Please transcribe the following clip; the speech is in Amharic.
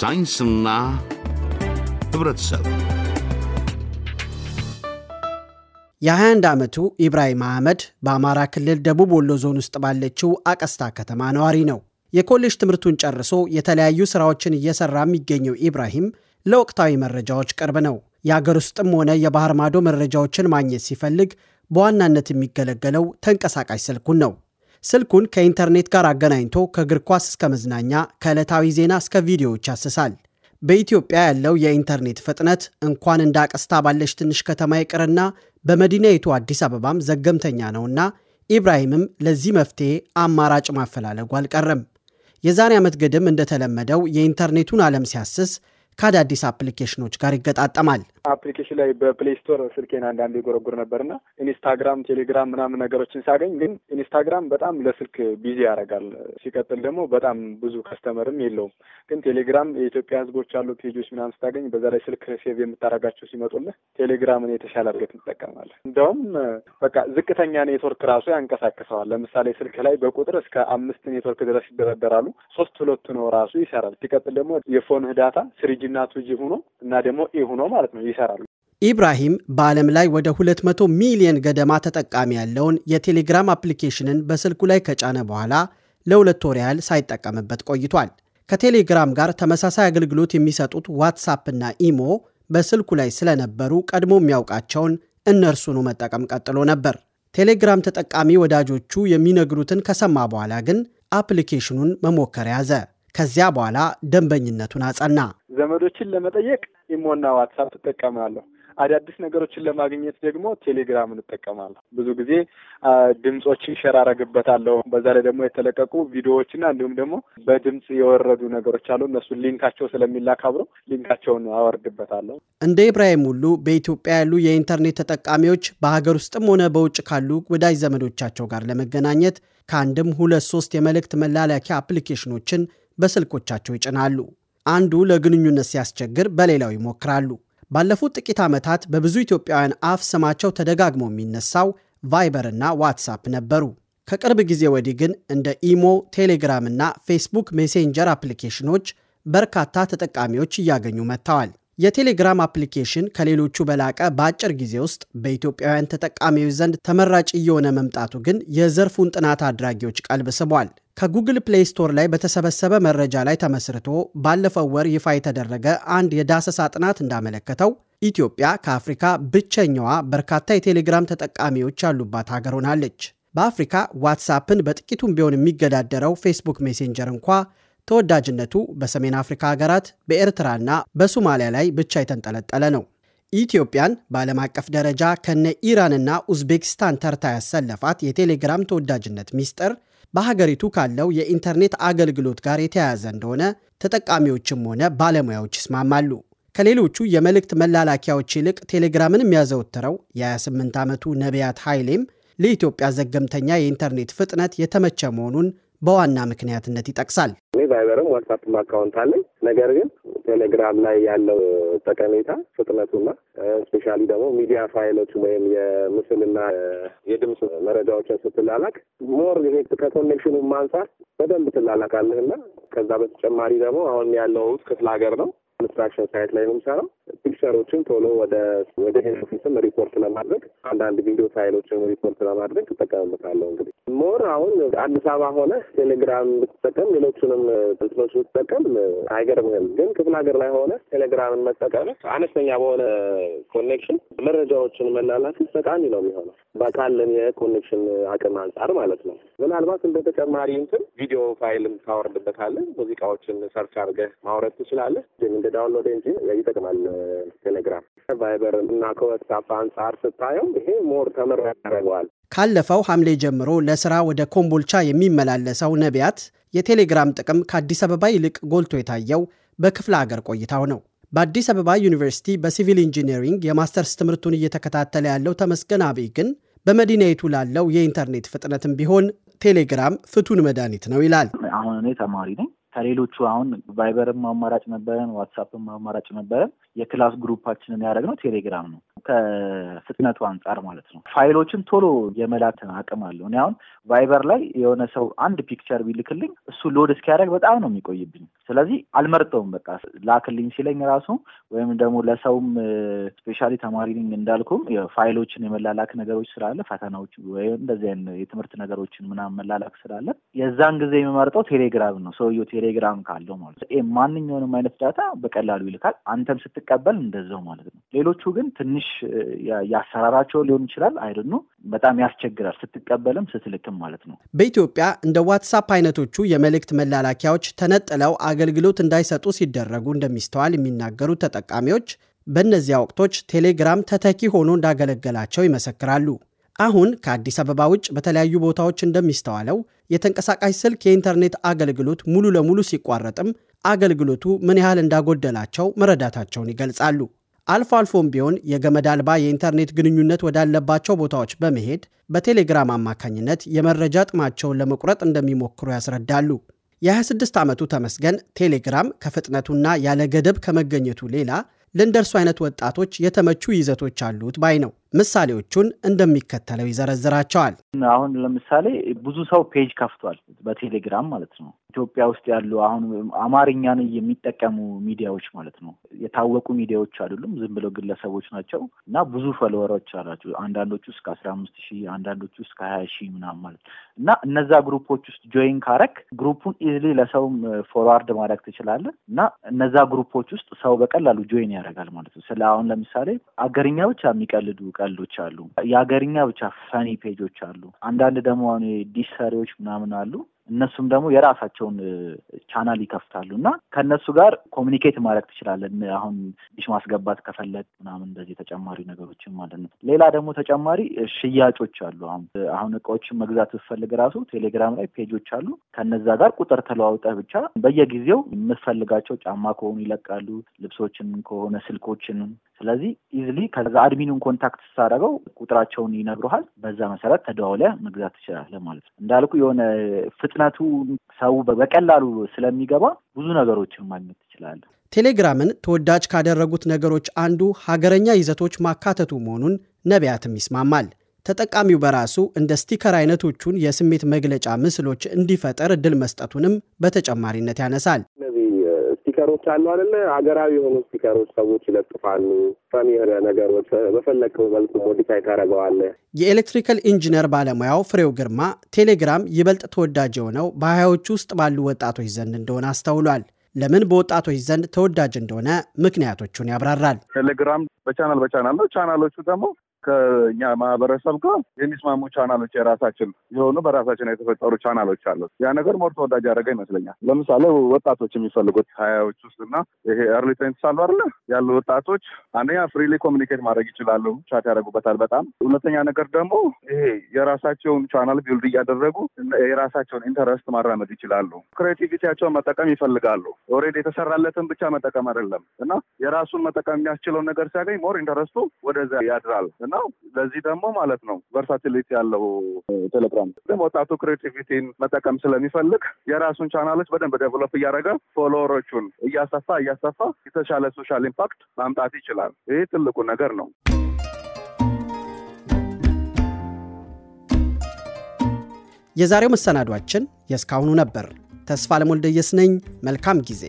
ሳይንስና ህብረተሰብ የ21 ዓመቱ ኢብራሂም አህመድ በአማራ ክልል ደቡብ ወሎ ዞን ውስጥ ባለችው አቀስታ ከተማ ነዋሪ ነው። የኮሌጅ ትምህርቱን ጨርሶ የተለያዩ ሥራዎችን እየሠራ የሚገኘው ኢብራሂም ለወቅታዊ መረጃዎች ቅርብ ነው። የአገር ውስጥም ሆነ የባህር ማዶ መረጃዎችን ማግኘት ሲፈልግ በዋናነት የሚገለገለው ተንቀሳቃሽ ስልኩን ነው። ስልኩን ከኢንተርኔት ጋር አገናኝቶ ከእግር ኳስ እስከ መዝናኛ ከዕለታዊ ዜና እስከ ቪዲዮዎች ያስሳል። በኢትዮጵያ ያለው የኢንተርኔት ፍጥነት እንኳን እንደ አቀስታ ባለች ትንሽ ከተማ ይቅርና በመዲናይቱ አዲስ አበባም ዘገምተኛ ነውና ኢብራሂምም ለዚህ መፍትሔ አማራጭ ማፈላለጉ አልቀረም። የዛሬ ዓመት ግድም እንደተለመደው የኢንተርኔቱን ዓለም ሲያስስ ከአዳዲስ አፕሊኬሽኖች ጋር ይገጣጠማል። አፕሊኬሽን ላይ በፕሌይ ስቶር ስልኬን አንዳንድ የጎረጉር ነበርና ኢንስታግራም፣ ቴሌግራም ምናምን ነገሮችን ሳገኝ ግን ኢንስታግራም በጣም ለስልክ ቢዚ ያደርጋል። ሲቀጥል ደግሞ በጣም ብዙ ከስተመርም የለውም። ግን ቴሌግራም የኢትዮጵያ ሕዝቦች ያሉ ፔጆች ምናምን ስታገኝ በዛ ላይ ስልክ ሴቭ የምታደርጋቸው ሲመጡልህ ቴሌግራምን የተሻለ አድርገህ ትጠቀማለህ። እንደውም በቃ ዝቅተኛ ኔትወርክ ራሱ ያንቀሳቅሰዋል። ለምሳሌ ስልክ ላይ በቁጥር እስከ አምስት ኔትወርክ ድረስ ይደረደራሉ። ሶስት ሁለቱ ነው ራሱ ይሰራል። ሲቀጥል ደግሞ የፎንህ ዳታ ስሪጂ ቱጂ ቱጂ ሆኖ እና ደግሞ ኤ ሆኖ ማለት ነው ይሰራሉ። ኢብራሂም በዓለም ላይ ወደ 200 ሚሊዮን ገደማ ተጠቃሚ ያለውን የቴሌግራም አፕሊኬሽንን በስልኩ ላይ ከጫነ በኋላ ለሁለት ወር ያህል ሳይጠቀምበት ቆይቷል። ከቴሌግራም ጋር ተመሳሳይ አገልግሎት የሚሰጡት ዋትሳፕና ኢሞ በስልኩ ላይ ስለነበሩ ቀድሞ የሚያውቃቸውን እነርሱኑ መጠቀም ቀጥሎ ነበር። ቴሌግራም ተጠቃሚ ወዳጆቹ የሚነግሩትን ከሰማ በኋላ ግን አፕሊኬሽኑን መሞከር ያዘ። ከዚያ በኋላ ደንበኝነቱን አጸና። ዘመዶችን ለመጠየቅ ኢሞና ዋትሳፕ ትጠቀማለሁ አዳዲስ ነገሮችን ለማግኘት ደግሞ ቴሌግራምን እጠቀማለሁ። ብዙ ጊዜ ድምፆችን ሸር አረግበታለሁ። በዛ ላይ ደግሞ የተለቀቁ ቪዲዮዎችና እንዲሁም ደግሞ በድምፅ የወረዱ ነገሮች አሉ። እነሱን ሊንካቸው ስለሚላክ አብሮ ሊንካቸውን አወርድበታለሁ። እንደ ኢብራሂም ሁሉ በኢትዮጵያ ያሉ የኢንተርኔት ተጠቃሚዎች በሀገር ውስጥም ሆነ በውጭ ካሉ ወዳጅ ዘመዶቻቸው ጋር ለመገናኘት ከአንድም ሁለት ሶስት የመልእክት መላላኪያ አፕሊኬሽኖችን በስልኮቻቸው ይጭናሉ። አንዱ ለግንኙነት ሲያስቸግር በሌላው ይሞክራሉ። ባለፉት ጥቂት ዓመታት በብዙ ኢትዮጵያውያን አፍ ስማቸው ተደጋግሞ የሚነሳው ቫይበር እና ዋትሳፕ ነበሩ። ከቅርብ ጊዜ ወዲህ ግን እንደ ኢሞ፣ ቴሌግራም እና ፌስቡክ ሜሴንጀር አፕሊኬሽኖች በርካታ ተጠቃሚዎች እያገኙ መጥተዋል። የቴሌግራም አፕሊኬሽን ከሌሎቹ በላቀ በአጭር ጊዜ ውስጥ በኢትዮጵያውያን ተጠቃሚዎች ዘንድ ተመራጭ እየሆነ መምጣቱ ግን የዘርፉን ጥናት አድራጊዎች ቀልብ ስቧል። ከጉግል ፕሌይ ስቶር ላይ በተሰበሰበ መረጃ ላይ ተመስርቶ ባለፈው ወር ይፋ የተደረገ አንድ የዳሰሳ ጥናት እንዳመለከተው ኢትዮጵያ ከአፍሪካ ብቸኛዋ በርካታ የቴሌግራም ተጠቃሚዎች ያሉባት ሀገር ሆናለች። በአፍሪካ ዋትሳፕን በጥቂቱም ቢሆን የሚገዳደረው ፌስቡክ ሜሴንጀር እንኳ ተወዳጅነቱ በሰሜን አፍሪካ ሀገራት በኤርትራና በሶማሊያ ላይ ብቻ የተንጠለጠለ ነው። ኢትዮጵያን በዓለም አቀፍ ደረጃ ከነ ኢራንና ኡዝቤክስታን ተርታ ያሰለፋት የቴሌግራም ተወዳጅነት ሚስጥር በሀገሪቱ ካለው የኢንተርኔት አገልግሎት ጋር የተያያዘ እንደሆነ ተጠቃሚዎችም ሆነ ባለሙያዎች ይስማማሉ። ከሌሎቹ የመልእክት መላላኪያዎች ይልቅ ቴሌግራምን የሚያዘወትረው የ28 ዓመቱ ነቢያት ኃይሌም ለኢትዮጵያ ዘገምተኛ የኢንተርኔት ፍጥነት የተመቸ መሆኑን በዋና ምክንያትነት ይጠቅሳል። እኔ ቫይበርም ዋትሳፕም አካውንት አለኝ። ነገር ግን ቴሌግራም ላይ ያለው ጠቀሜታ ፍጥነቱና ስፔሻሊ ደግሞ ሚዲያ ፋይሎች ወይም የምስልና የድምፅ መረጃዎችን ስትላላክ ሞር ይሄ ከኮኔክሽኑ አንጻር በደንብ ትላላካለህና ከዛ በተጨማሪ ደግሞ አሁን ያለው ውስጥ ክፍለ ሀገር ነው። ኮንስትራክሽን ሳይት ላይ ነው የሚሰራው። ፒክቸሮችን ቶሎ ወደ ወደ ሄድ ኦፊስም ሪፖርት ለማድረግ አንዳንድ ቪዲዮ ፋይሎችን ሪፖርት ለማድረግ ትጠቀምበታለሁ። እንግዲህ ሞር አሁን አዲስ አበባ ሆነ ቴሌግራም ብትጠቀም ሌሎቹንም እንትኖች ብትጠቀም አይገርምህም። ግን ክፍለ ሀገር ላይ ሆነ ቴሌግራምን መጠቀም አነስተኛ በሆነ ኮኔክሽን መረጃዎችን መላላት ጠቃሚ ነው የሚሆነው በካለን የኮኔክሽን አቅም አንጻር ማለት ነው። ምናልባት እንደ ተጨማሪ እንትን ቪዲዮ ፋይልም ታወርድበታለህ፣ ሙዚቃዎችን ሰርች አድርገህ ማውረድ ትችላለህ። ዳውንሎድ እንጂ ይጠቅማል። ቴሌግራም ቫይበር እና ከወትሳፕ አንጻር ስታየው ይሄ ሞር ተመራ ያደረገዋል። ካለፈው ሐምሌ ጀምሮ ለስራ ወደ ኮምቦልቻ የሚመላለሰው ነቢያት የቴሌግራም ጥቅም ከአዲስ አበባ ይልቅ ጎልቶ የታየው በክፍለ አገር ቆይታው ነው። በአዲስ አበባ ዩኒቨርሲቲ በሲቪል ኢንጂነሪንግ የማስተርስ ትምህርቱን እየተከታተለ ያለው ተመስገን አብይ ግን በመዲናይቱ ላለው የኢንተርኔት ፍጥነትም ቢሆን ቴሌግራም ፍቱን መድኃኒት ነው ይላል። አሁን እኔ ተማሪ ነኝ ከሌሎቹ አሁን ቫይበርም አማራጭ ነበረን፣ ዋትሳፕም አማራጭ ነበረን። የክላስ ግሩፓችንን ያደረግነው ቴሌግራም ነው። ከፍጥነቱ አንጻር ማለት ነው። ፋይሎችን ቶሎ የመላክ አቅም አለው። እኔ አሁን ቫይበር ላይ የሆነ ሰው አንድ ፒክቸር ቢልክልኝ እሱ ሎድ እስኪያደርግ በጣም ነው የሚቆይብኝ። ስለዚህ አልመርጠውም። በቃ ላክልኝ ሲለኝ ራሱ ወይም ደግሞ ለሰውም ስፔሻሊ ተማሪ ነኝ እንዳልኩም ፋይሎችን የመላላክ ነገሮች ስላለ ፈተናዎች ወይም እንደዚህ የትምህርት ነገሮችን ምናምን መላላክ ስላለ የዛን ጊዜ የሚመርጠው ቴሌግራም ነው። ሰውየው ቴሌግራም ካለው ማለት ነው ማንኛውንም አይነት ዳታ በቀላሉ ይልካል። አንተም ስትቀበል እንደዛው ማለት ነው። ሌሎቹ ግን ትንሽ ትንሽ ያሰራራቸው ሊሆን ይችላል አይደኑ በጣም ያስቸግራል፣ ስትቀበልም ስትልክም ማለት ነው። በኢትዮጵያ እንደ ዋትሳፕ አይነቶቹ የመልእክት መላላኪያዎች ተነጥለው አገልግሎት እንዳይሰጡ ሲደረጉ እንደሚስተዋል የሚናገሩ ተጠቃሚዎች በእነዚያ ወቅቶች ቴሌግራም ተተኪ ሆኖ እንዳገለገላቸው ይመሰክራሉ። አሁን ከአዲስ አበባ ውጭ በተለያዩ ቦታዎች እንደሚስተዋለው የተንቀሳቃሽ ስልክ የኢንተርኔት አገልግሎት ሙሉ ለሙሉ ሲቋረጥም አገልግሎቱ ምን ያህል እንዳጎደላቸው መረዳታቸውን ይገልጻሉ። አልፎ አልፎም ቢሆን የገመድ አልባ የኢንተርኔት ግንኙነት ወዳለባቸው ቦታዎች በመሄድ በቴሌግራም አማካኝነት የመረጃ ጥማቸውን ለመቁረጥ እንደሚሞክሩ ያስረዳሉ። የ26 ዓመቱ ተመስገን ቴሌግራም ከፍጥነቱና ያለ ገደብ ከመገኘቱ ሌላ ለእንደርሱ አይነት ወጣቶች የተመቹ ይዘቶች አሉት ባይ ነው። ምሳሌዎቹን እንደሚከተለው ይዘረዝራቸዋል። አሁን ለምሳሌ ብዙ ሰው ፔጅ ከፍቷል፣ በቴሌግራም ማለት ነው። ኢትዮጵያ ውስጥ ያሉ አሁን አማርኛን የሚጠቀሙ ሚዲያዎች ማለት ነው። የታወቁ ሚዲያዎች አይደሉም፣ ዝም ብለው ግለሰቦች ናቸው እና ብዙ ፎሎወሮች አላቸው። አንዳንዶቹ እስከ አስራ አምስት ሺህ አንዳንዶቹ እስከ ሀያ ሺህ ምናምን ማለት እና እነዛ ግሩፖች ውስጥ ጆይን ካረክ ግሩፑን ኢዝሊ ለሰውም ፎርዋርድ ማድረግ ትችላለህ እና እነዛ ግሩፖች ውስጥ ሰው በቀላሉ ጆይን ያደርጋል ማለት ነው። ስለ አሁን ለምሳሌ አገርኛ ብቻ የሚቀልዱ ቀልዶች አሉ። የሀገርኛ ብቻ ፈኒ ፔጆች አሉ። አንዳንድ ደግሞ አሁን ዲሽ ሰሪዎች ምናምን አሉ እነሱም ደግሞ የራሳቸውን ቻናል ይከፍታሉ እና ከእነሱ ጋር ኮሚኒኬት ማድረግ ትችላለን። አሁን ሽ ማስገባት ከፈለግ ምናምን እንደዚህ ተጨማሪ ነገሮችን ማለት ነው። ሌላ ደግሞ ተጨማሪ ሽያጮች አሉ። አሁን አሁን እቃዎችን መግዛት ብፈልግ ራሱ ቴሌግራም ላይ ፔጆች አሉ። ከነዛ ጋር ቁጥር ተለዋውጠ ብቻ በየጊዜው የምትፈልጋቸው ጫማ ከሆኑ ይለቃሉ፣ ልብሶችን ከሆነ ስልኮችን ስለዚህ ኢዝሊ ከዛ አድሚኑን ኮንታክት ስታደርገው ቁጥራቸውን ይነግሩሃል። በዛ መሰረት ተደዋውለ መግዛት ትችላለህ ማለት ነው። እንዳልኩ የሆነ ፍጥ ፍጥነቱ ሰው በቀላሉ ስለሚገባ ብዙ ነገሮችን ማግኘት ይችላል። ቴሌግራምን ተወዳጅ ካደረጉት ነገሮች አንዱ ሀገረኛ ይዘቶች ማካተቱ መሆኑን ነቢያትም ይስማማል። ተጠቃሚው በራሱ እንደ ስቲከር አይነቶቹን የስሜት መግለጫ ምስሎች እንዲፈጠር እድል መስጠቱንም በተጨማሪነት ያነሳል። ስፒከሮች አሉ አይደለ? ሀገራዊ የሆኑ ስፒከሮች ሰዎች ይለጥፋሉ። ፈን የሆነ ነገሮች በፈለግከው መልኩ ሞዲፋይ ታደረገዋለ። የኤሌክትሪካል ኢንጂነር ባለሙያው ፍሬው ግርማ ቴሌግራም ይበልጥ ተወዳጅ የሆነው በሀያዎቹ ውስጥ ባሉ ወጣቶች ዘንድ እንደሆነ አስተውሏል። ለምን በወጣቶች ዘንድ ተወዳጅ እንደሆነ ምክንያቶቹን ያብራራል። ቴሌግራም በቻናል በቻናል ነው። ቻናሎቹ ደግሞ ከኛ ማህበረሰብ ጋር የሚስማሙ ቻናሎች የራሳችን የሆኑ በራሳችን የተፈጠሩ ቻናሎች አሉት። ያ ነገር ሞር ተወዳጅ ያደረገ ይመስለኛል። ለምሳሌ ወጣቶች የሚፈልጉት ሀያዎች ውስጥ እና ይሄ ኤርሊ ቴንስ አሉ አለ ያሉ ወጣቶች አንደኛ ፍሪሊ ኮሚኒኬት ማድረግ ይችላሉ፣ ቻት ያደረጉበታል በጣም ሁለተኛ ነገር ደግሞ ይሄ የራሳቸውን ቻናል ቢልድ እያደረጉ የራሳቸውን ኢንተረስት ማራመድ ይችላሉ። ክሬቲቪቲያቸውን መጠቀም ይፈልጋሉ። ኦልሬዲ የተሰራለትን ብቻ መጠቀም አይደለም እና የራሱን መጠቀም የሚያስችለውን ነገር ሲያገኝ ሞር ኢንተረስቱ ወደዚያ ያድራል። ነው። ለዚህ ደግሞ ማለት ነው ቨርሳቲሊቲ ያለው ቴሌግራም ግን ወጣቱ ክሬቲቪቲን መጠቀም ስለሚፈልግ የራሱን ቻናሎች በደንብ ዴቨሎፕ እያደረገ ፎሎወሮቹን እያሰፋ እያሰፋ የተሻለ ሶሻል ኢምፓክት ማምጣት ይችላል። ይህ ትልቁ ነገር ነው። የዛሬው መሰናዷችን የእስካሁኑ ነበር። ተስፋ ለሞልደየስ ነኝ። መልካም ጊዜ